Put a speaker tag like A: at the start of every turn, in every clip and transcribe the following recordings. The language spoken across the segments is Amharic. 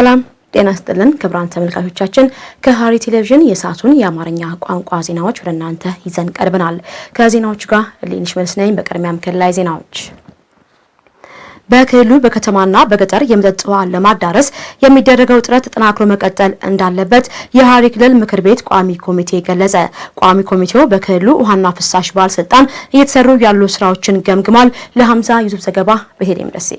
A: ሰላም ጤና ስጥልን ክብራን ተመልካቾቻችን፣ ከሐረሪ ቴሌቪዥን የሰዓቱን የአማርኛ ቋንቋ ዜናዎች ወደ እናንተ ይዘን ቀርበናል። ከዜናዎቹ ጋር ሊንሽ መልስ ነኝ። በቅድሚያም ክልላዊ ዜናዎች። በክልሉ በከተማና በገጠር የመጠጥ ውሃ ለማዳረስ የሚደረገው ጥረት ተጠናክሮ መቀጠል እንዳለበት የሐረሪ ክልል ምክር ቤት ቋሚ ኮሚቴ ገለጸ። ቋሚ ኮሚቴው በክልሉ ውሃና ፍሳሽ ባለስልጣን እየተሰሩ ያሉ ስራዎችን ገምግሟል። ለሀምዛ ዩቱብ ዘገባ በሄዴም ደሴ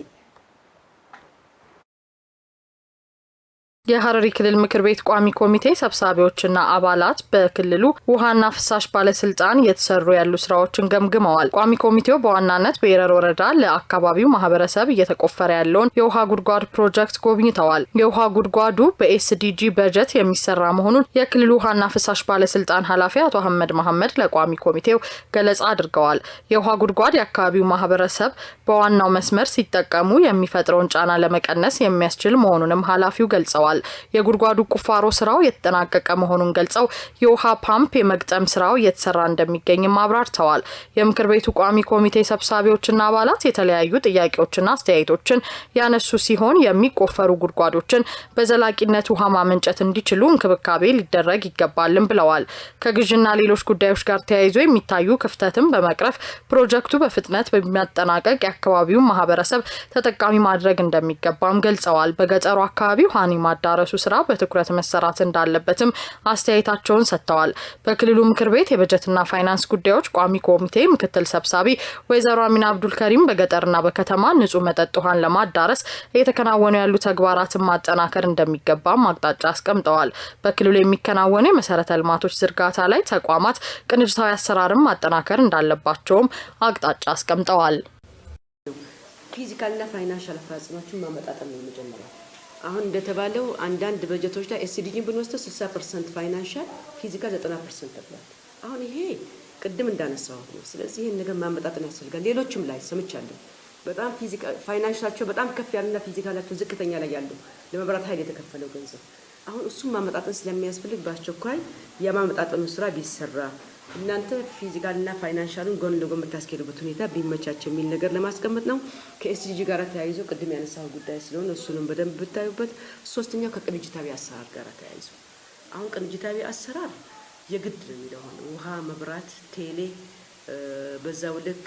A: የሀረሪ ክልል ምክር ቤት ቋሚ ኮሚቴ ሰብሳቢዎችና አባላት በክልሉ ውሃና ፍሳሽ ባለስልጣን እየተሰሩ ያሉ ስራዎችን ገምግመዋል። ቋሚ ኮሚቴው በዋናነት በኤረር ወረዳ ለአካባቢው ማህበረሰብ እየተቆፈረ ያለውን የውሃ ጉድጓድ ፕሮጀክት ጎብኝተዋል። የውሃ ጉድጓዱ በኤስዲጂ በጀት የሚሰራ መሆኑን የክልሉ ውሃና ፍሳሽ ባለስልጣን ኃላፊ አቶ አህመድ መሐመድ ለቋሚ ኮሚቴው ገለጻ አድርገዋል። የውሃ ጉድጓድ የአካባቢው ማህበረሰብ በዋናው መስመር ሲጠቀሙ የሚፈጥረውን ጫና ለመቀነስ የሚያስችል መሆኑንም ኃላፊው ገልጸዋል። ብለዋል። የጉድጓዱ ቁፋሮ ስራው የተጠናቀቀ መሆኑን ገልጸው የውሃ ፓምፕ የመግጠም ስራው እየተሰራ እንደሚገኝም አብራርተዋል። የምክር ቤቱ ቋሚ ኮሚቴ ሰብሳቢዎችና አባላት የተለያዩ ጥያቄዎችና አስተያየቶችን ያነሱ ሲሆን የሚቆፈሩ ጉድጓዶችን በዘላቂነት ውሃ ማመንጨት እንዲችሉ እንክብካቤ ሊደረግ ይገባልም ብለዋል። ከግዥና ሌሎች ጉዳዮች ጋር ተያይዞ የሚታዩ ክፍተትን በመቅረፍ ፕሮጀክቱ በፍጥነት በሚያጠናቀቅ የአካባቢውን ማህበረሰብ ተጠቃሚ ማድረግ እንደሚገባም ገልጸዋል። በገጠሩ አካባቢ ውሃን የማዳረሱ ስራ በትኩረት መሰራት እንዳለበትም አስተያየታቸውን ሰጥተዋል። በክልሉ ምክር ቤት የበጀትና ፋይናንስ ጉዳዮች ቋሚ ኮሚቴ ምክትል ሰብሳቢ ወይዘሮ አሚና አብዱል ከሪም በገጠርና በከተማ ንጹህ መጠጥ ውሃን ለማዳረስ እየተከናወኑ ያሉ ተግባራትን ማጠናከር እንደሚገባም አቅጣጫ አስቀምጠዋል። በክልሉ የሚከናወኑ የመሰረተ ልማቶች ዝርጋታ ላይ ተቋማት ቅንጅታዊ አሰራርም ማጠናከር እንዳለባቸውም አቅጣጫ አስቀምጠዋል።
B: ፊዚካልና ፋይናንሻል አፈጻጸማችንን ማመጣጠም ነው የመጀመሪያው አሁን እንደተባለው አንዳንድ በጀቶች ላይ ኤስዲጂን ብንወስደ 60 ፐርሰንት ፋይናንሻል፣ ፊዚካል 90 ፐርሰንት ተብሏል። አሁን ይሄ ቅድም እንዳነሳሁት ነው። ስለዚህ ይህን ነገር ማመጣጠን ያስፈልጋል። ሌሎችም ላይ ሰምቻለሁ። በጣም ፋይናንሻቸው በጣም ከፍ ያለና ፊዚካላቸው ዝቅተኛ ላይ ያሉ ለመብራት ኃይል የተከፈለው ገንዘብ አሁን እሱም ማመጣጠን ስለሚያስፈልግ በአስቸኳይ የማመጣጠኑ ስራ ቢሰራ እናንተ ፊዚካል እና ፋይናንሻሉን ጎን ለጎን የምታስኬዱበት ሁኔታ ቢመቻቸው የሚል ነገር ለማስቀመጥ ነው። ከኤስጂጂ ጋር ተያይዞ ቅድም ያነሳው ጉዳይ ስለሆነ እሱንም በደንብ ብታዩበት። ሶስተኛው ከቅንጅታዊ አሰራር ጋር ተያይዞ አሁን ቅንጅታዊ አሰራር የግድ ነው የሚለው ሆነ ውሃ፣ መብራት፣ ቴሌ በዛው ልክ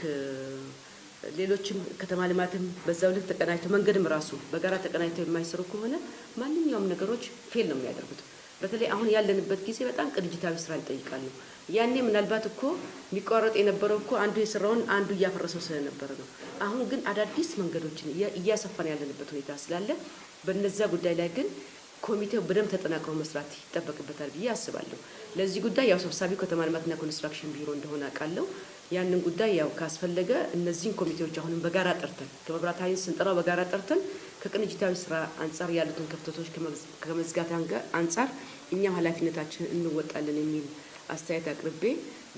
B: ሌሎችም ከተማ ልማትም በዛው ልክ ተቀናጅተው መንገድም ራሱ በጋራ ተቀናጅተው የማይሰሩ ከሆነ ማንኛውም ነገሮች ፌል ነው የሚያደርጉት። በተለይ አሁን ያለንበት ጊዜ በጣም ቅንጅታዊ ስራ ይጠይቃሉ። ያኔ ምናልባት እኮ የሚቋረጥ የነበረው እኮ አንዱ የሰራውን አንዱ እያፈረሰው ስለነበረ ነው። አሁን ግን አዳዲስ መንገዶችን እያሰፋን ያለንበት ሁኔታ ስላለ በነዛ ጉዳይ ላይ ግን ኮሚቴው በደንብ ተጠናክሮ መስራት ይጠበቅበታል ብዬ አስባለሁ። ለዚህ ጉዳይ ያው ሰብሳቢው ከተማ ልማትና ኮንስትራክሽን ቢሮ እንደሆነ አውቃለሁ። ያንን ጉዳይ ያው ካስፈለገ እነዚህን ኮሚቴዎች አሁንም በጋራ ጠርተን ከመብራት ኃይል ስንጠራው በጋራ ጠርተን ከቅንጅታዊ ስራ አንጻር ያሉትን ክፍተቶች ከመዝጋት አንጻር እኛም ኃላፊነታችን እንወጣለን የሚል አስተያየት አቅርቤ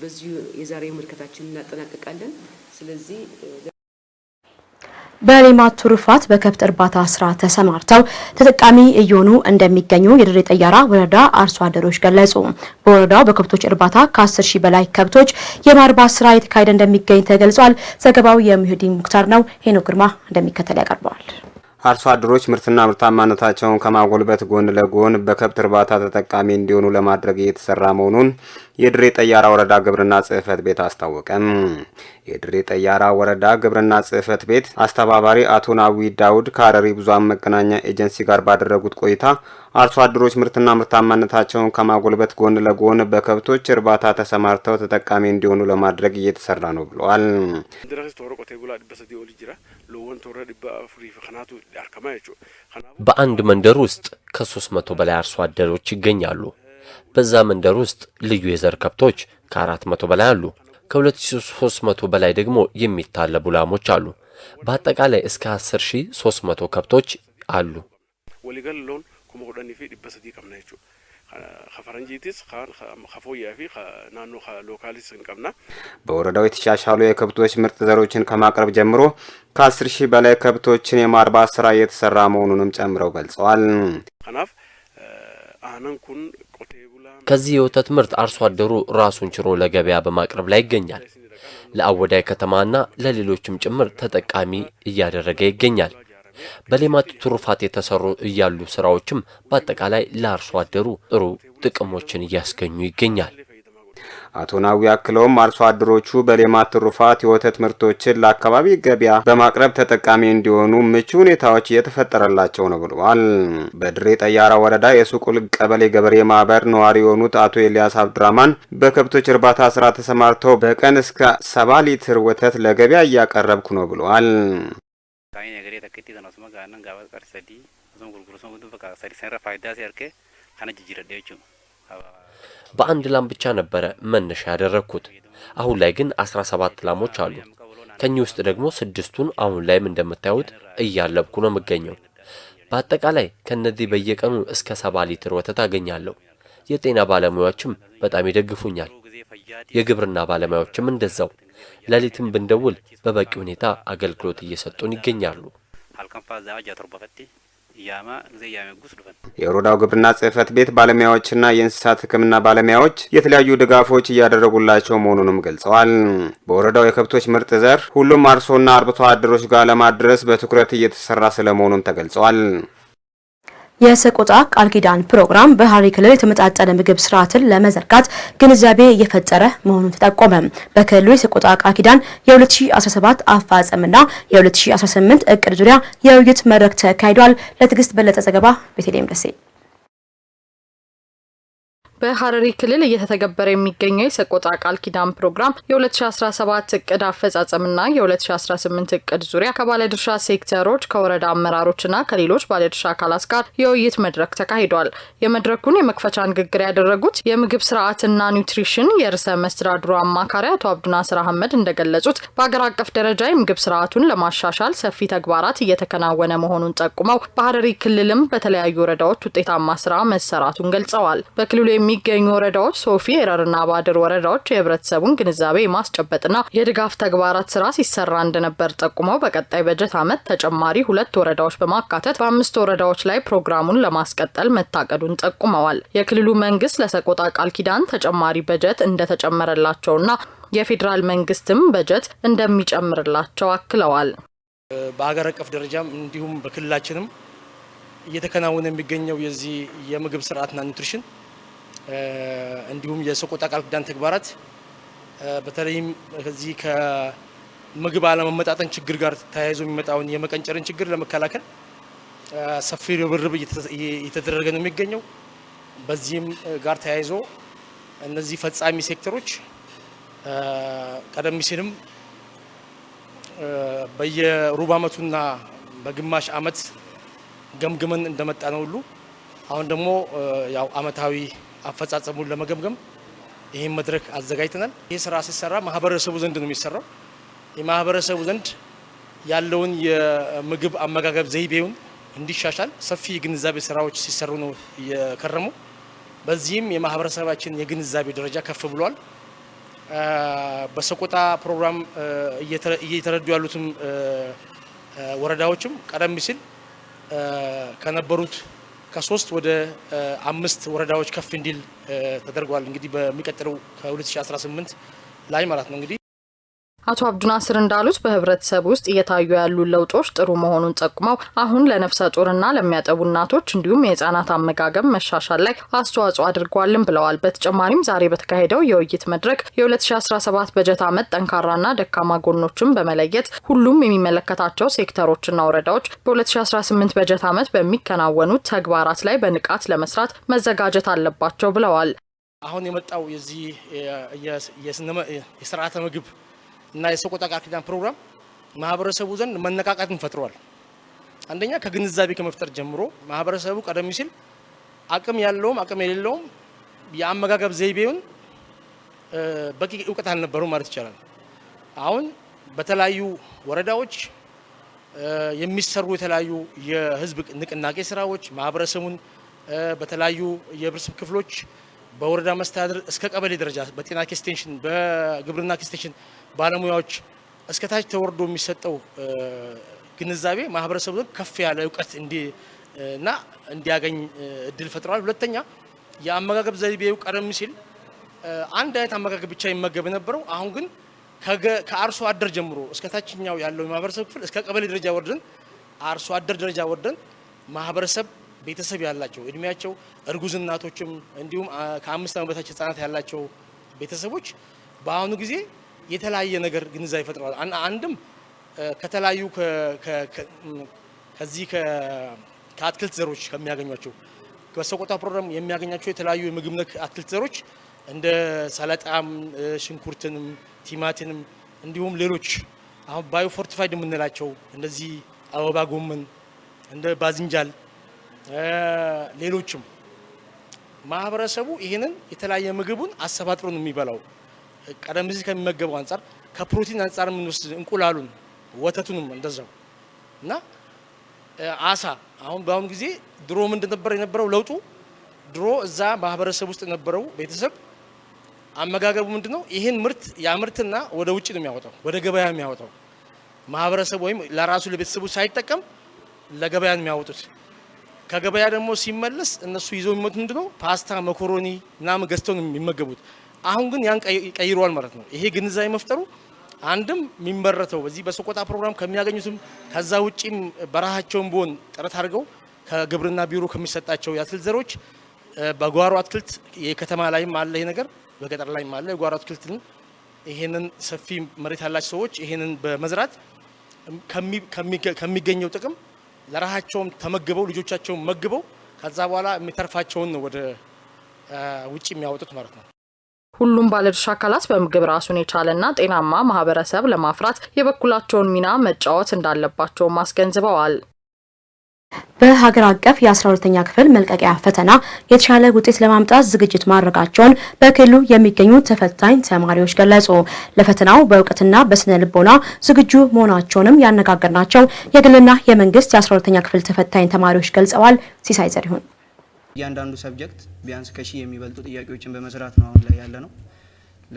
B: በዚሁ የዛሬ ምልከታችን እናጠናቀቃለን። ስለዚህ
A: በሌማት ትሩፋት በከብት እርባታ ስራ ተሰማርተው ተጠቃሚ እየሆኑ እንደሚገኙ የድሬ ጠያራ ወረዳ አርሶ አደሮች ገለጹ። በወረዳው በከብቶች እርባታ ከ10 ሺህ በላይ ከብቶች የማርባት ስራ የተካሄደ እንደሚገኝ ተገልጿል። ዘገባው የሙሂዲን ሙክታር ነው። ሄኖ ግርማ እንደሚከተል ያቀርበዋል።
C: አርሶ አደሮች ምርትና ምርታማነታቸውን ከማጎልበት ጎን ለጎን በከብት እርባታ ተጠቃሚ እንዲሆኑ ለማድረግ እየተሰራ መሆኑን የድሬ ጠያራ ወረዳ ግብርና ጽህፈት ቤት አስታወቀም። የድሬ ጠያራ ወረዳ ግብርና ጽህፈት ቤት አስተባባሪ አቶ ናዊ ዳውድ ከሀረሪ ብዙሃን መገናኛ ኤጀንሲ ጋር ባደረጉት ቆይታ አርሶ አደሮች ምርትና ምርታማነታቸውን ከማጎልበት ጎን ለጎን በከብቶች እርባታ ተሰማርተው ተጠቃሚ እንዲሆኑ ለማድረግ እየተሰራ ነው ብለዋል።
D: በአንድ መንደር ውስጥ ከሶስት መቶ በላይ አርሶ አደሮች ይገኛሉ። በዛ መንደር ውስጥ ልዩ የዘር ከብቶች ከ400 በላይ አሉ። ከ2300 በላይ ደግሞ የሚታለቡ ላሞች አሉ። በአጠቃላይ እስከ 10300 ከብቶች አሉ።
C: በወረዳው የተሻሻሉ የከብቶች ምርጥ ዘሮችን ከማቅረብ ጀምሮ ከ10 ሺህ በላይ ከብቶችን የማርባት ስራ እየተሰራ መሆኑንም ጨምረው ገልጸዋል።
D: ከዚህ የወተት ምርት አርሶ አደሩ ራሱን ችሮ ለገበያ በማቅረብ ላይ ይገኛል። ለአወዳይ ከተማና ለሌሎችም ጭምር ተጠቃሚ እያደረገ ይገኛል። በሌማት ትሩፋት የተሰሩ እያሉ ስራዎችም በአጠቃላይ ለአርሶ አደሩ ጥሩ ጥቅሞችን እያስገኙ ይገኛል።
C: አቶ ናዊ አክለውም አርሶ አደሮቹ በሌማት ትሩፋት የወተት ምርቶችን ለአካባቢ ገበያ በማቅረብ ተጠቃሚ እንዲሆኑ ምቹ ሁኔታዎች እየተፈጠረላቸው ነው ብለዋል። በድሬ ጠያራ ወረዳ የሱቁል ቀበሌ ገበሬ ማህበር ነዋሪ የሆኑት አቶ ኤልያስ አብዱራማን በከብቶች እርባታ ስራ ተሰማርተው በቀን እስከ ሰባ ሊትር ወተት ለገበያ እያቀረብኩ ነው ብለዋል።
D: በአንድ ላም ብቻ ነበረ መነሻ ያደረግኩት። አሁን ላይ ግን 17 ላሞች አሉ። ከኚህ ውስጥ ደግሞ ስድስቱን አሁን ላይም እንደምታዩት እያለብኩ ነው የምገኘው። በአጠቃላይ ከነዚህ በየቀኑ እስከ ሰባ ሊትር ወተት አገኛለሁ። የጤና ባለሙያዎችም በጣም ይደግፉኛል። የግብርና ባለሙያዎችም እንደዛው። ሌሊትም ብንደውል በበቂ ሁኔታ አገልግሎት እየሰጡን ይገኛሉ።
C: የወረዳው ግብርና ጽህፈት ቤት ባለሙያዎችና የእንስሳት ሕክምና ባለሙያዎች የተለያዩ ድጋፎች እያደረጉላቸው መሆኑንም ገልጸዋል። በወረዳው የከብቶች ምርጥ ዘር ሁሉም አርሶና አርብቶ አደሮች ጋር ለማድረስ በትኩረት እየተሰራ ስለመሆኑም ተገልጸዋል።
A: የሰቆጣ ቃል ኪዳን ፕሮግራም በሐረሪ ክልል የተመጣጠነ ምግብ ስርዓትን ለመዘርጋት ግንዛቤ እየፈጠረ መሆኑን ተጠቆመ። በክልሉ የሰቆጣ ቃል ኪዳን የ2017 አፋጸምና የ2018 እቅድ ዙሪያ የውይይት መድረክ ተካሂዷል። ለትዕግስት በለጠ ዘገባ ቤተልሔም ደሴ በሐረሪ ክልል እየተተገበረ የሚገኘው የሰቆጣ ቃል ኪዳን ፕሮግራም የ2017 እቅድ አፈጻጸምና የ2018 እቅድ ዙሪያ ከባለድርሻ ሴክተሮች ከወረዳ አመራሮችና ከሌሎች ባለድርሻ አካላት ጋር የውይይት መድረክ ተካሂዷል። የመድረኩን የመክፈቻ ንግግር ያደረጉት የምግብ ስርዓትና ኒውትሪሽን የርዕሰ መስተዳድሩ አማካሪ አቶ አብዱናስር አህመድ እንደገለጹት በአገር አቀፍ ደረጃ የምግብ ስርዓቱን ለማሻሻል ሰፊ ተግባራት እየተከናወነ መሆኑን ጠቁመው በሐረሪ ክልልም በተለያዩ ወረዳዎች ውጤታማ ስራ መሰራቱን ገልጸዋል። በክልሉ በሚገኙ ወረዳዎች ሶፊ፣ ሄረርና ባድር ወረዳዎች የህብረተሰቡን ግንዛቤ የማስጨበጥና የድጋፍ ተግባራት ስራ ሲሰራ እንደነበር ጠቁመው በቀጣይ በጀት ዓመት ተጨማሪ ሁለት ወረዳዎች በማካተት በአምስት ወረዳዎች ላይ ፕሮግራሙን ለማስቀጠል መታቀዱን ጠቁመዋል። የክልሉ መንግስት ለሰቆጣ ቃል ኪዳን ተጨማሪ በጀት እንደተጨመረላቸውና የፌዴራል መንግስትም በጀት እንደሚጨምርላቸው አክለዋል።
E: በሀገር አቀፍ ደረጃም እንዲሁም በክልላችንም እየተከናወነ የሚገኘው የዚህ የምግብ ስርዓትና ኒውትሪሽን እንዲሁም የሰቆጣ ቃል ኪዳን ተግባራት በተለይም ከዚህ ከምግብ አለመመጣጠን ችግር ጋር ተያይዞ የሚመጣውን የመቀንጨርን ችግር ለመከላከል ሰፊ ርብርብ እየተደረገ ነው የሚገኘው። በዚህም ጋር ተያይዞ እነዚህ ፈጻሚ ሴክተሮች ቀደም ሲልም በየሩብ ዓመቱና በግማሽ ዓመት ገምግመን እንደመጣ ነው ሁሉ አሁን ደግሞ ያው ዓመታዊ አፈጻጸሙን ለመገምገም ይህን መድረክ አዘጋጅተናል። ይህ ስራ ሲሰራ ማህበረሰቡ ዘንድ ነው የሚሰራው። የማህበረሰቡ ዘንድ ያለውን የምግብ አመጋገብ ዘይቤውን እንዲሻሻል ሰፊ የግንዛቤ ስራዎች ሲሰሩ ነው የከረሙ። በዚህም የማህበረሰባችን የግንዛቤ ደረጃ ከፍ ብሏል። በሰቆጣ ፕሮግራም እየተረዱ ያሉትም ወረዳዎችም ቀደም ሲል ከነበሩት ከሶስት ወደ አምስት ወረዳዎች ከፍ እንዲል ተደርጓል። እንግዲህ በሚቀጥለው ከ2018 ላይ ማለት ነው እንግዲህ
A: አቶ አብዱናስር እንዳሉት በህብረተሰብ ውስጥ እየታዩ ያሉ ለውጦች ጥሩ መሆኑን ጠቁመው አሁን ለነፍሰ ጡርና ለሚያጠቡ እናቶች እንዲሁም የህጻናት አመጋገብ መሻሻል ላይ አስተዋጽኦ አድርጓልን ብለዋል። በተጨማሪም ዛሬ በተካሄደው የውይይት መድረክ የ2017 በጀት ዓመት ጠንካራና ደካማ ጎኖችን በመለየት ሁሉም የሚመለከታቸው ሴክተሮችና ወረዳዎች በ2018 በጀት ዓመት በሚከናወኑት ተግባራት ላይ በንቃት ለመስራት መዘጋጀት አለባቸው ብለዋል።
E: አሁን የመጣው የዚህ የስርዓተ ምግብ እና የሰቆጣ ቃል ኪዳን ፕሮግራም ማህበረሰቡ ዘንድ መነቃቃትን ፈጥሯል። አንደኛ ከግንዛቤ ከመፍጠር ጀምሮ ማህበረሰቡ ቀደም ሲል አቅም ያለውም አቅም የሌለውም የአመጋገብ ዘይቤውን በቂ እውቀት አልነበረው ማለት ይቻላል። አሁን በተለያዩ ወረዳዎች የሚሰሩ የተለያዩ የህዝብ ንቅናቄ ስራዎች ማህበረሰቡን በተለያዩ የህብረተሰብ ክፍሎች በወረዳ መስተዳድር እስከ ቀበሌ ደረጃ በጤና ኤክስቴንሽን፣ በግብርና ኤክስቴንሽን ባለሙያዎች እስከ ታች ተወርዶ የሚሰጠው ግንዛቤ ማህበረሰቡ ከፍ ያለ እውቀት እና እንዲያገኝ እድል ፈጥረዋል። ሁለተኛ የአመጋገብ ዘይቤው ቀደም ሲል አንድ አይነት አመጋገብ ብቻ ይመገብ የነበረው አሁን ግን ከአርሶ አደር ጀምሮ እስከ ታችኛው ያለው የማህበረሰብ ክፍል እስከ ቀበሌ ደረጃ ወርደን አርሶ አደር ደረጃ ወርደን ማህበረሰብ ቤተሰብ ያላቸው እድሜያቸው እርጉዝ እናቶችም እንዲሁም ከአምስት ዓመት በታች ህጻናት ያላቸው ቤተሰቦች በአሁኑ ጊዜ የተለያየ ነገር ግንዛቤ ፈጥረዋል። አንድም ከተለያዩ ከዚህ ከአትክልት ዘሮች ከሚያገኟቸው በሰቆጣ ፕሮግራም የሚያገኛቸው የተለያዩ የምግብ ነክ አትክልት ዘሮች እንደ ሰለጣም፣ ሽንኩርትንም፣ ቲማቲንም እንዲሁም ሌሎች አሁን ባዮፎርቲፋይድ የምንላቸው እንደዚህ አበባ ጎመን እንደ ባዝንጃል ሌሎችም ማህበረሰቡ ይህንን የተለያየ ምግቡን አሰባጥሮ ነው የሚበላው። ቀደም ሲል ከሚመገበው አንጻር ከፕሮቲን አንጻር የምንወስድ እንቁላሉን፣ ወተቱንም እንደዛው እና አሳ አሁን በአሁኑ ጊዜ ድሮ ምንድን ነበር የነበረው ለውጡ? ድሮ እዛ ማህበረሰብ ውስጥ የነበረው ቤተሰብ አመጋገቡ ምንድ ነው? ይህን ምርት ያምርትና ወደ ውጭ ነው የሚያወጣው፣ ወደ ገበያ የሚያወጣው ማህበረሰብ ወይም ለራሱ ለቤተሰቡ ሳይጠቀም ለገበያ ነው የሚያወጡት። ከገበያ ደግሞ ሲመለስ እነሱ ይዘው ምንድ ምንድነው ፓስታ፣ መኮሮኒ ምናምን ገዝተው የሚመገቡት። አሁን ግን ያን ቀይረዋል ማለት ነው። ይሄ ግንዛቤ መፍጠሩ አንድም የሚመረተው በዚህ በሰቆጣ ፕሮግራም ከሚያገኙትም ከዛ ውጪም በረሃቸውን ቢሆን ጥረት አድርገው ከግብርና ቢሮ ከሚሰጣቸው የአትክልት ዘሮች በጓሮ አትክልት የከተማ ላይም አለ ይሄ ነገር፣ በገጠር ላይም አለ የጓሮ አትክልት። ይሄንን ሰፊ መሬት ያላቸው ሰዎች ይሄንን በመዝራት ከሚገኘው ጥቅም ለራሳቸውም ተመግበው ልጆቻቸውም መግበው ከዛ በኋላ የሚተርፋቸውን ወደ ውጭ የሚያወጡት ማለት ነው።
A: ሁሉም ባለድርሻ አካላት በምግብ ራሱን የቻለና ጤናማ ማህበረሰብ ለማፍራት የበኩላቸውን ሚና መጫወት እንዳለባቸውም አስገንዝበዋል። በሀገር አቀፍ የ12ኛ ክፍል መልቀቂያ ፈተና የተሻለ ውጤት ለማምጣት ዝግጅት ማድረጋቸውን በክልሉ የሚገኙ ተፈታኝ ተማሪዎች ገለጹ። ለፈተናው በእውቀትና በስነ ልቦና ዝግጁ መሆናቸውንም ያነጋገርናቸው የግልና የመንግስት የ12ኛ ክፍል ተፈታኝ ተማሪዎች ገልጸዋል። ሲሳይ ዘሪሁን
F: እያንዳንዱ ሰብጀክት ቢያንስ ከሺህ የሚበልጡ ጥያቄዎችን በመስራት ነው አሁን ላይ ያለ ነው።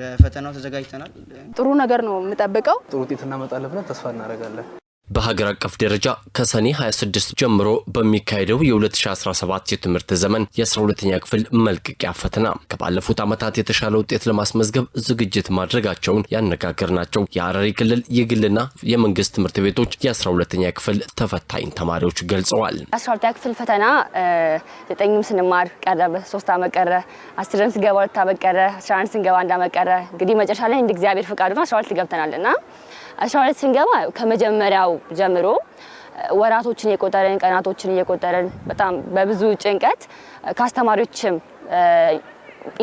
F: ለፈተናው ተዘጋጅተናል።
G: ጥሩ ነገር ነው የምጠብቀው።
H: ጥሩ ውጤት እናመጣለን ብለን ተስፋ እናደርጋለን።
D: በሀገር አቀፍ ደረጃ ከሰኔ 26 ጀምሮ በሚካሄደው የ2017 የትምህርት ዘመን የ12ኛ ክፍል መልቀቂያ ፈተና ከባለፉት ዓመታት የተሻለ ውጤት ለማስመዝገብ ዝግጅት ማድረጋቸውን ያነጋገር ናቸው። የሐረሪ ክልል የግልና የመንግስት ትምህርት ቤቶች የ12ኛ ክፍል ተፈታኝ ተማሪዎች ገልጸዋል።
I: 12ኛ ክፍል ፈተና ዘጠኝም ስንማር ቀረበ፣ ሶስት ዓመት ቀረ። አስርም ስገባ ሁለት ዓመት ቀረ። ስንገባ አንድ ዓመት ቀረ። እንግዲህ መጨረሻ ላይ እንደ እግዚአብሔር ፈቃዱ 12 ገብተናል እና አስራ ሁለት ስንገባ ከመጀመሪያው ጀምሮ ወራቶችን እየቆጠረን ቀናቶችን እየቆጠረን በጣም በብዙ ጭንቀት ከአስተማሪዎችም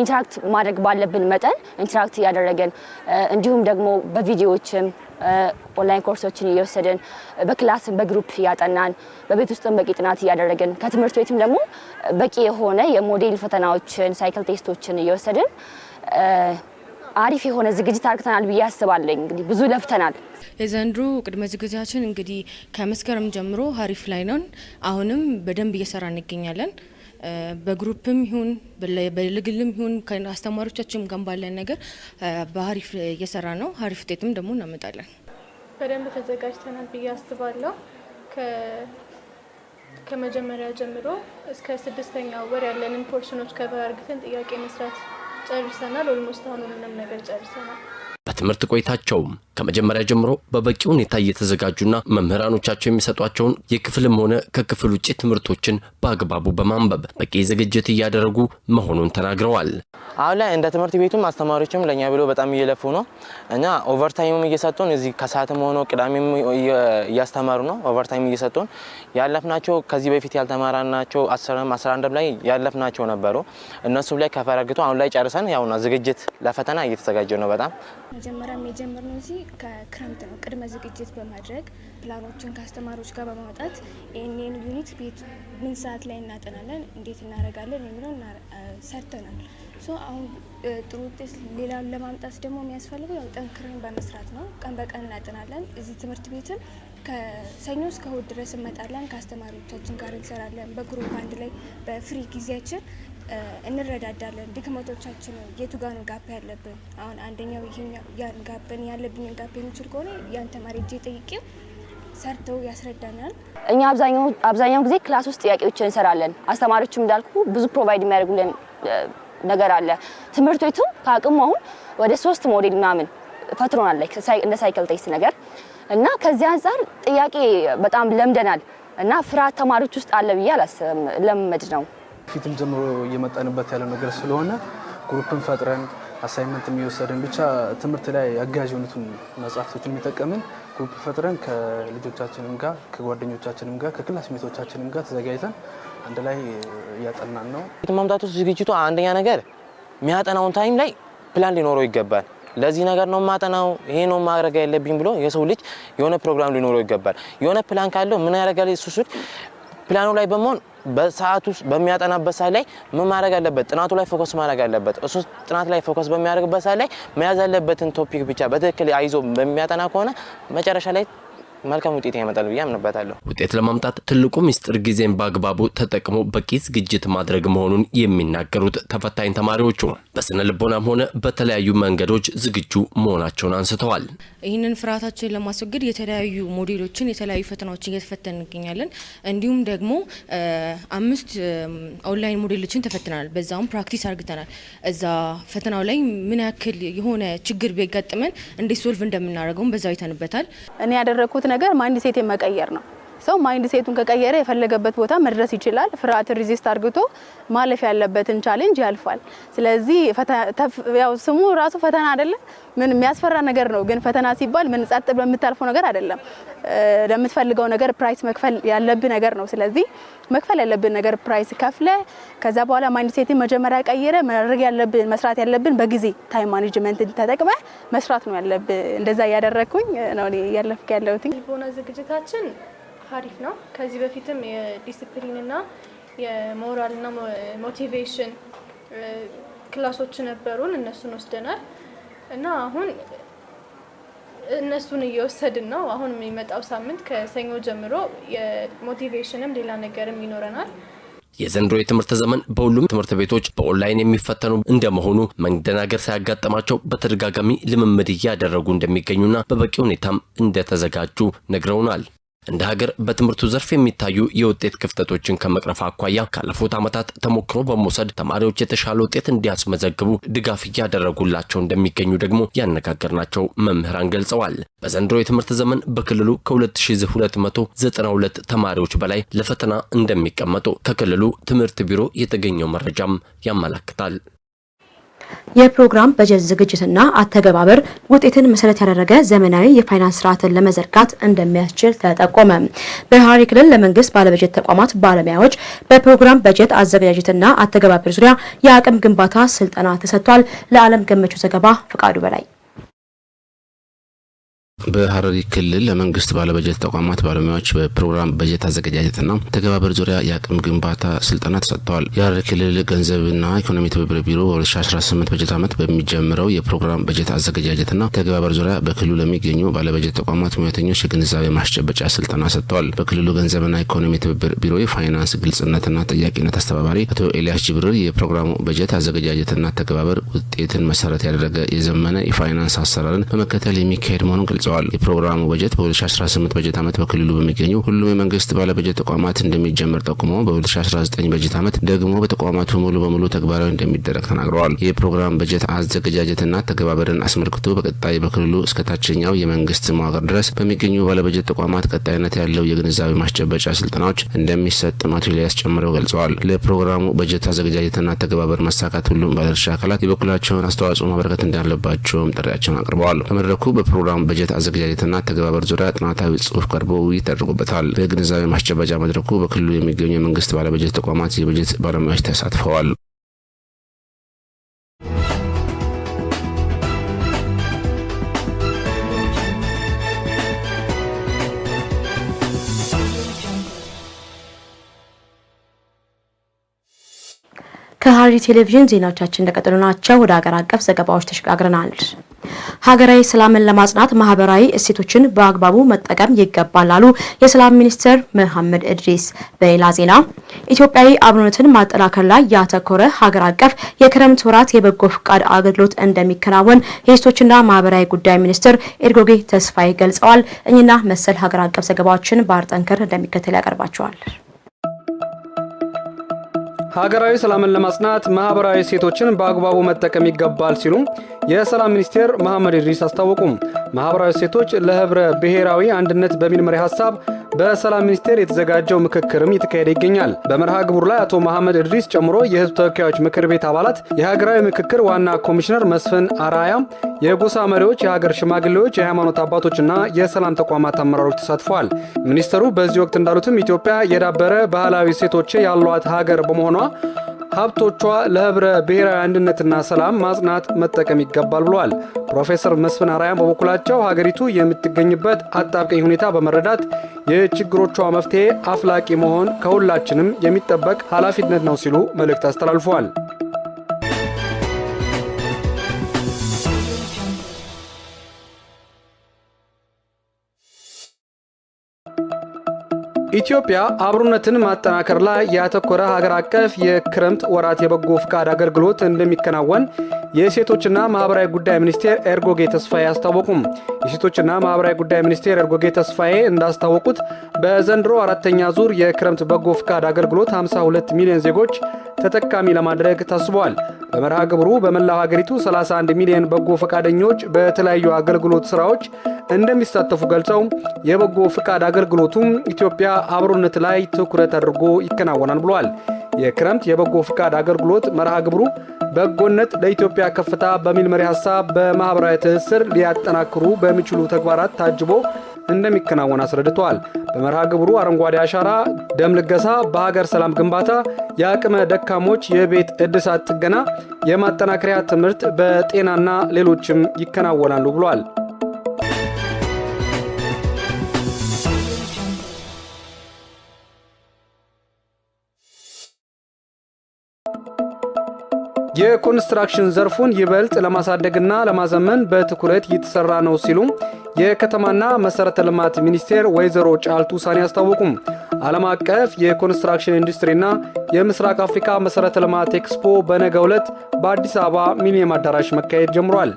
I: ኢንተራክት ማድረግ ባለብን መጠን ኢንተራክት እያደረገን እንዲሁም ደግሞ በቪዲዮዎችም ኦንላይን ኮርሶችን እየወሰድን በክላስም በግሩፕ እያጠናን በቤት ውስጥም በቂ ጥናት እያደረግን ከትምህርት ቤትም ደግሞ በቂ የሆነ የሞዴል ፈተናዎችን ሳይክል ቴስቶችን እየወሰድን አሪፍ የሆነ ዝግጅት አርግተናል ብዬ አስባለኝ። እንግዲህ ብዙ ለፍተናል።
J: የዘንድሮ ቅድመ ዝግጅታችን እንግዲህ ከመስከረም ጀምሮ አሪፍ ላይ ነን። አሁንም በደንብ እየሰራ እንገኛለን። በግሩፕም ይሁን በልግልም ይሁን ከአስተማሪዎቻችን ጋር ባለን ነገር በአሪፍ እየሰራ ነው። አሪፍ ውጤትም ደግሞ እናመጣለን።
K: በደንብ ተዘጋጅተናል ብዬ አስባለሁ። ከመጀመሪያ ጀምሮ እስከ ስድስተኛ ወር ያለንን ፖርሽኖች ከበር አድርገን ጥያቄ መስራት ጨርሰናል። ኦልሞስት አሁን ምንም ነገር ጨርሰናል።
D: በትምህርት ቆይታቸውም ከመጀመሪያ ጀምሮ በበቂ ሁኔታ እየተዘጋጁና መምህራኖቻቸው የሚሰጧቸውን የክፍልም ሆነ ከክፍል ውጭ ትምህርቶችን በአግባቡ በማንበብ በቂ ዝግጅት እያደረጉ መሆኑን ተናግረዋል።
L: አሁን ላይ እንደ ትምህርት ቤቱም አስተማሪዎችም ለእኛ ብሎ በጣም እየለፉ ነው እና ኦቨርታይምም እየሰጡን እዚህ ከሰዓትም ሆኖ ቅዳሜም እያስተማሩ ነው። ኦቨርታይም እየሰጡን ያለፍናቸው ከዚህ በፊት ያልተማራናቸው አስርም አስራ አንድም ላይ ያለፍናቸው ነበሩ። እነሱም ላይ ከፈረግቶ አሁን ላይ ጨርሰን ያውና ዝግጅት ለፈተና እየተዘጋጀ ነው። በጣም
K: መጀመሪያም የጀመርነው እዚህ ከክረምት ነው ቅድመ ዝግጅት በማድረግ ፕላኖችን ከአስተማሪዎች ጋር በማውጣት ይህንን ዩኒት ቤት ምን ሰዓት ላይ እናጠናለን፣ እንዴት እናደርጋለን የሚለው ሰርተናል። ሶ አሁን ጥሩ ውጤት ሌላውን ለማምጣት ደግሞ የሚያስፈልገው ያው ጠንክረን በመስራት ነው። ቀን በቀን እናጠናለን። እዚህ ትምህርት ቤትም ከሰኞ እስከ እሁድ ድረስ እንመጣለን። ከአስተማሪዎቻችን ጋር እንሰራለን። በግሩፕ አንድ ላይ በፍሪ ጊዜያችን እንረዳዳለን። ድክመቶቻችን የቱ ጋር ነው ጋፕ ያለብን? አሁን አንደኛው ይሄኛው ጋፕን ያለብኝን ጋፕ የሚችል ከሆነ ያን ተማሪ እጄ ጠይቄው ሰርተው ያስረዳናል።
I: እኛ አብዛኛው ጊዜ ክላስ ውስጥ ጥያቄዎች እንሰራለን። አስተማሪዎችም እንዳልኩ ብዙ ፕሮቫይድ የሚያደርጉልን ነገር አለ። ትምህርት ቤቱም ከአቅሙ አሁን ወደ ሶስት ሞዴል ምናምን ፈትሮናል እንደ ሳይክል ቴስት ነገር እና ከዚህ አንጻር ጥያቄ በጣም ለምደናል እና ፍርሃት ተማሪዎች ውስጥ አለ ብዬ አላስብም። ለምመድ ነው
M: ፊትም ጀምሮ እየመጣንበት ያለ ነገር ስለሆነ ግሩፕን ፈጥረን አሳይመንት የሚወሰድን ብቻ ትምህርት ላይ አጋዥ የሆኑትን መጽሐፍቶችን የሚጠቀምን ግሩፕ ፈጥረን ከልጆቻችንም ጋር ከጓደኞቻችንም ጋር ከክላስ ሜቶቻችንም ጋር ተዘጋጅተን አንድ ላይ እያጠናን ነው።
N: ማምጣቱ ዝግጅቱ አንደኛ ነገር የሚያጠናውን ታይም ላይ ፕላን ሊኖረው ይገባል። ለዚህ ነገር ነው ማጠናው፣ ይሄ ነው ማድረግ ያለብኝ ብሎ የሰው ልጅ የሆነ ፕሮግራም ሊኖረው ይገባል። የሆነ ፕላን ካለው ምን ያደርጋል እሱ ፕላኑ ላይ በመሆን በሰዓት ውስጥ በሚያጠናበት ሰዓት ላይ ምን ማድረግ አለበት? ጥናቱ ላይ ፎከስ ማድረግ አለበት። እሱ ጥናት ላይ ፎከስ በሚያደርግበት ሰዓት ላይ መያዝ ያለበትን ቶፒክ ብቻ በትክክል አይዞ በሚያጠና ከሆነ መጨረሻ ላይ መልካም ውጤት ያመጣል ብዬ አምንበታለሁ።
D: ውጤት ለማምጣት ትልቁ ሚስጥር ጊዜን በአግባቡ ተጠቅሞ በቂ ዝግጅት ማድረግ መሆኑን የሚናገሩት ተፈታኝ ተማሪዎቹ በስነ ልቦናም ሆነ በተለያዩ መንገዶች ዝግጁ መሆናቸውን አንስተዋል።
J: ይህንን ፍርሃታችንን ለማስወገድ የተለያዩ ሞዴሎችን፣ የተለያዩ ፈተናዎችን እየተፈተን እንገኛለን። እንዲሁም ደግሞ አምስት ኦንላይን ሞዴሎችን ተፈትናል። በዛውም ፕራክቲስ አርግተናል። እዛ ፈተናው ላይ ምን ያክል የሆነ ችግር ቢያጋጥመን እንዴት ሶልቭ እንደምናደርገውም በዛው ይተንበታል።
I: እኔ ያደረግኩት ነገር ማይንድ ሴቴን መቀየር ነው። ሰው ማይንድ ሴቱን ከቀየረ የፈለገበት ቦታ መድረስ ይችላል። ፍርሃት ሪዚስት አርግቶ ማለፍ ያለበትን ቻሌንጅ ያልፋል። ስለዚህ ያው ስሙ ራሱ ፈተና አይደለም፣ ምን የሚያስፈራ ነገር ነው። ግን ፈተና ሲባል ምን ጸጥ በምታልፈው ነገር አይደለም። ለምትፈልገው ነገር ፕራይስ መክፈል ያለብህ ነገር ነው። ስለዚህ መክፈል ያለብን ነገር ፕራይስ ከፍለ ከዛ በኋላ ማይንድ ሴትን መጀመሪያ ቀይረ ማድረግ ያለብን መስራት ያለብን በጊዜ ታይም ማኔጅመንት ተጠቅመ መስራት ነው ያለብን። እንደዛ እያደረግኩኝ ነው እያለፍክ ያለሁት
K: ዝግጅታችን ሀሪፍ ነው። ከዚህ በፊትም የዲስፕሊንና የሞራልና ሞቲቬሽን ክላሶች ነበሩን፣ እነሱን ወስደናል እና አሁን እነሱን እየወሰድን ነው። አሁን የሚመጣው ሳምንት ከሰኞ ጀምሮ የሞቲቬሽንም ሌላ ነገርም ይኖረናል።
D: የዘንድሮ የትምህርት ዘመን በሁሉም ትምህርት ቤቶች በኦንላይን የሚፈተኑ እንደመሆኑ መንደናገር ሳያጋጠማቸው በተደጋጋሚ ልምምድ እያደረጉ እንደሚገኙና በበቂ ሁኔታም እንደተዘጋጁ ነግረውናል። እንደ ሀገር በትምህርቱ ዘርፍ የሚታዩ የውጤት ክፍተቶችን ከመቅረፍ አኳያ ካለፉት ዓመታት ተሞክሮ በመውሰድ ተማሪዎች የተሻለ ውጤት እንዲያስመዘግቡ ድጋፍ እያደረጉላቸው እንደሚገኙ ደግሞ ያነጋገርናቸው መምህራን ገልጸዋል። በዘንድሮ የትምህርት ዘመን በክልሉ ከ2292 ተማሪዎች በላይ ለፈተና እንደሚቀመጡ ከክልሉ ትምህርት ቢሮ የተገኘው መረጃም ያመላክታል።
A: የፕሮግራም በጀት ዝግጅትና አተገባበር ውጤትን መሰረት ያደረገ ዘመናዊ የፋይናንስ ስርዓትን ለመዘርጋት እንደሚያስችል ተጠቆመ። በሐረሪ ክልል ለመንግስት ባለበጀት ተቋማት ባለሙያዎች በፕሮግራም በጀት አዘገጃጀትና አተገባበር ዙሪያ የአቅም ግንባታ ስልጠና ተሰጥቷል። ለዓለም ገመቹ ዘገባ ፈቃዱ በላይ
C: በሀረሪ ክልል ለመንግስት ባለበጀት ተቋማት ባለሙያዎች በፕሮግራም በጀት አዘገጃጀትና ተገባበር ዙሪያ የአቅም ግንባታ ስልጠና ተሰጥተዋል። የሀረሪ ክልል ገንዘብና ኢኮኖሚ ትብብር ቢሮ በ2018 በጀት ዓመት በሚጀምረው የፕሮግራም በጀት አዘገጃጀትና ተገባበር ዙሪያ በክልሉ ለሚገኙ ባለበጀት ተቋማት ሙያተኞች የግንዛቤ ማስጨበጫ ስልጠና ሰጥተዋል። በክልሉ ገንዘብና ኢኮኖሚ ትብብር ቢሮ የፋይናንስ ግልጽነትና ጠያቂነት አስተባባሪ አቶ ኤልያስ ጅብርር የፕሮግራሙ በጀት አዘገጃጀትና ተገባበር ውጤትን መሰረት ያደረገ የዘመነ የፋይናንስ አሰራርን በመከተል የሚካሄድ መሆኑን ገልጸዋል። ገልጸዋል። የፕሮግራሙ በጀት በ2018 በጀት ዓመት በክልሉ በሚገኙ ሁሉም የመንግስት ባለበጀት ተቋማት እንደሚጀመር ጠቁመው በ2019 በጀት ዓመት ደግሞ በተቋማቱ ሙሉ በሙሉ ተግባራዊ እንደሚደረግ ተናግረዋል። የፕሮግራም በጀት አዘገጃጀትና ተገባበርን አስመልክቶ በቀጣይ በክልሉ እስከ ታችኛው የመንግስት መዋቅር ድረስ በሚገኙ ባለበጀት ተቋማት ቀጣይነት ያለው የግንዛቤ ማስጨበጫ ስልጠናዎች እንደሚሰጥ አቶ ኢልያስ ጨምረው ገልጸዋል። ለፕሮግራሙ በጀት አዘገጃጀትና ተገባበር መሳካት ሁሉም ባለድርሻ አካላት የበኩላቸውን አስተዋጽኦ ማበረከት እንዳለባቸውም ጥሪያቸውን አቅርበዋል። በመድረኩ በፕሮግራሙ በጀት አዘገጃጀትና ተገባበር ዙሪያ ጥናታዊ ጽሁፍ ቀርቦ ውይይት ተደርጎበታል። በግንዛቤ ማስጨበጫ መድረኩ በክልሉ የሚገኙ የመንግስት ባለበጀት ተቋማት የበጀት ባለሙያዎች ተሳትፈዋል።
A: ሐረሪ ቴሌቪዥን ዜናዎቻችን እንደቀጠሉ ናቸው። ወደ ሀገር አቀፍ ዘገባዎች ተሸጋግረናል። ሀገራዊ ሰላምን ለማጽናት ማህበራዊ እሴቶችን በአግባቡ መጠቀም ይገባል አሉ የሰላም ሚኒስትር መሐመድ እድሪስ። በሌላ ዜና ኢትዮጵያዊ አብሮነትን ማጠናከር ላይ ያተኮረ ሀገር አቀፍ የክረምት ወራት የበጎ ፈቃድ አገልግሎት እንደሚከናወን የሴቶችና ማህበራዊ ጉዳይ ሚኒስትር ኤድጎጌ ተስፋዬ ገልጸዋል። እኚህና መሰል ሀገር አቀፍ ዘገባዎችን ባህር ጠንክር እንደሚከተል ያቀርባቸዋል።
O: ሀገራዊ ሰላምን ለማጽናት ማህበራዊ እሴቶችን በአግባቡ መጠቀም ይገባል ሲሉ የሰላም ሚኒስቴር መሐመድ ኢድሪስ አስታወቁም። ማህበራዊ እሴቶች ለህብረ ብሔራዊ አንድነት በሚል መሪ ሀሳብ በሰላም ሚኒስቴር የተዘጋጀው ምክክርም የተካሄደ ይገኛል። በመርሃ ግብሩ ላይ አቶ መሐመድ እድሪስ ጨምሮ የህዝብ ተወካዮች ምክር ቤት አባላት፣ የሀገራዊ ምክክር ዋና ኮሚሽነር መስፍን አራያ፣ የጎሳ መሪዎች፣ የሀገር ሽማግሌዎች፣ የሃይማኖት አባቶችና የሰላም ተቋማት አመራሮች ተሳትፈዋል። ሚኒስተሩ በዚህ ወቅት እንዳሉትም ኢትዮጵያ የዳበረ ባህላዊ እሴቶች ያሏት ሀገር በመሆኗ ሀብቶቿ ለህብረ ብሔራዊ አንድነትና ሰላም ማጽናት መጠቀም ይገባል ብለዋል። ፕሮፌሰር መስፍን አራያን በበኩላቸው ሀገሪቱ የምትገኝበት አጣብቀኝ ሁኔታ በመረዳት የችግሮቿ መፍትሄ አፍላቂ መሆን ከሁላችንም የሚጠበቅ ኃላፊነት ነው ሲሉ መልእክት አስተላልፈዋል። ኢትዮጵያ አብሮነትን ማጠናከር ላይ ያተኮረ ሀገር አቀፍ የክረምት ወራት የበጎ ፍቃድ አገልግሎት እንደሚከናወን የሴቶችና ማህበራዊ ጉዳይ ሚኒስቴር ኤርጎጌ ተስፋዬ አስታወቁም። የሴቶችና ማህበራዊ ጉዳይ ሚኒስቴር ኤርጎጌ ተስፋዬ እንዳስታወቁት በዘንድሮ አራተኛ ዙር የክረምት በጎ ፍቃድ አገልግሎት 52 ሚሊዮን ዜጎች ተጠቃሚ ለማድረግ ታስቧል። በመርሃ ግብሩ በመላው ሀገሪቱ 31 ሚሊዮን በጎ ፈቃደኞች በተለያዩ አገልግሎት ስራዎች እንደሚሳተፉ ገልጸው የበጎ ፍቃድ አገልግሎቱም ኢትዮጵያ አብሮነት ላይ ትኩረት አድርጎ ይከናወናል ብለዋል። የክረምት የበጎ ፍቃድ አገልግሎት መርሃ ግብሩ በጎነት ለኢትዮጵያ ከፍታ በሚል መሪ ሀሳብ በማኅበራዊ ትስስር ሊያጠናክሩ በሚችሉ ተግባራት ታጅቦ እንደሚከናወን አስረድተዋል። በመርሃ ግብሩ አረንጓዴ አሻራ፣ ደም ልገሳ፣ በሀገር ሰላም ግንባታ፣ የአቅመ ደካሞች የቤት እድሳት ጥገና፣ የማጠናከሪያ ትምህርት፣ በጤናና ሌሎችም ይከናወናሉ ብሏል። የኮንስትራክሽን ዘርፉን ይበልጥ ለማሳደግና ለማዘመን በትኩረት እየተሰራ ነው ሲሉም የከተማና መሰረተ ልማት ሚኒስቴር ወይዘሮ ጫልቱ ሳኒ አስታወቁም። ዓለም አቀፍ የኮንስትራክሽን ኢንዱስትሪና የምስራቅ አፍሪካ መሰረተ ልማት ኤክስፖ በነገ ዕለት በአዲስ አበባ ሚሊኒየም አዳራሽ መካሄድ ጀምሯል።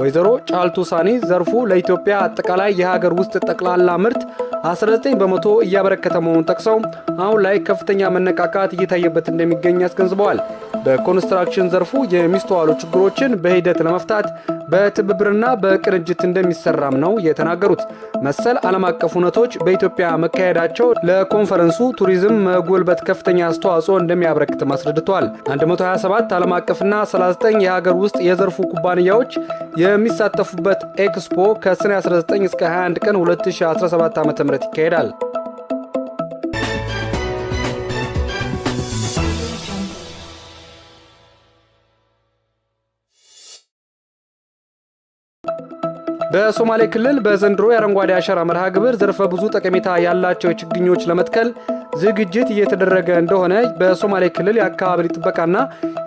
O: ወይዘሮ ጫልቱ ሳኒ ዘርፉ ለኢትዮጵያ አጠቃላይ የሀገር ውስጥ ጠቅላላ ምርት 19 በመቶ እያበረከተ መሆኑን ጠቅሰው አሁን ላይ ከፍተኛ መነቃቃት እየታየበት እንደሚገኝ አስገንዝበዋል። በኮንስትራክሽን ዘርፉ የሚስተዋሉ ችግሮችን በሂደት ለመፍታት በትብብርና በቅንጅት እንደሚሰራም ነው የተናገሩት። መሰል ዓለም አቀፍ እውነቶች በኢትዮጵያ መካሄዳቸው ለኮንፈረንሱ ቱሪዝም መጎልበት ከፍተኛ አስተዋጽኦ እንደሚያበረክትም አስረድተዋል። 127 ዓለም አቀፍና 39 የሀገር ውስጥ የዘርፉ ኩባንያዎች የሚሳተፉበት ኤክስፖ ከሰኔ 19 እስከ 21 ቀን 2017 ዓ.ም ምረት ይካሄዳል። በሶማሌ ክልል በዘንድሮ የአረንጓዴ አሻራ መርሃ ግብር ዘርፈ ብዙ ጠቀሜታ ያላቸው ችግኞች ለመትከል ዝግጅት እየተደረገ እንደሆነ በሶማሌ ክልል የአካባቢ ጥበቃና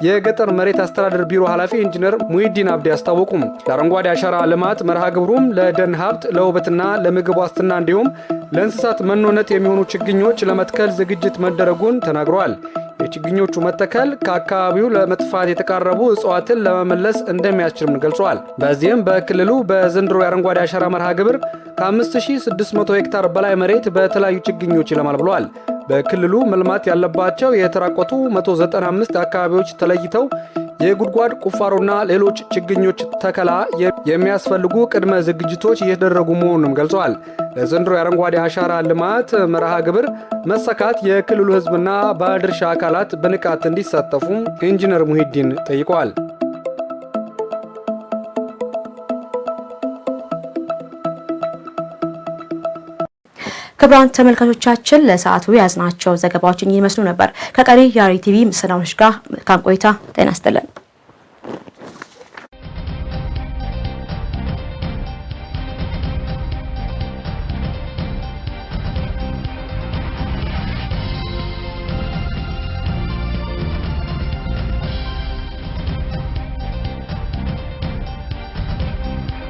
O: የገጠር መሬት አስተዳደር ቢሮ ኃላፊ ኢንጂነር ሙሂዲን አብዲ አስታወቁም። ለአረንጓዴ አሻራ ልማት መርሃ ግብሩም ለደን ሀብት ለውበትና ለምግብ ዋስትና እንዲሁም ለእንስሳት መኖነት የሚሆኑ ችግኞች ለመትከል ዝግጅት መደረጉን ተናግረዋል። የችግኞቹ መተከል ከአካባቢው ለመጥፋት የተቃረቡ እጽዋትን ለመመለስ እንደሚያስችልም ገልጿል። በዚህም በክልሉ በዘንድሮ የአረንጓዴ አሻራ መርሃ ግብር ከ5600 ሄክታር በላይ መሬት በተለያዩ ችግኞች ይለማል ብለዋል። በክልሉ መልማት ያለባቸው የተራቆቱ 195 አካባቢዎች ተለይተው የጉድጓድ ቁፋሮና ሌሎች ችግኞች ተከላ የሚያስፈልጉ ቅድመ ዝግጅቶች እየተደረጉ መሆኑንም ገልጸዋል። ለዘንድሮ የአረንጓዴ አሻራ ልማት መርሃ ግብር መሰካት የክልሉ ሕዝብና ባለድርሻ አካላት በንቃት እንዲሳተፉ ኢንጂነር ሙሂዲን ጠይቀዋል።
A: ክቡራን ተመልካቾቻችን ለሰዓቱ ያዝናቸው ዘገባዎችን ይመስሉ ነበር። ከቀሪ የሐረሪ ቲቪ ምስናዶች ጋር መልካም ቆይታ። ጤና ይስጥልን።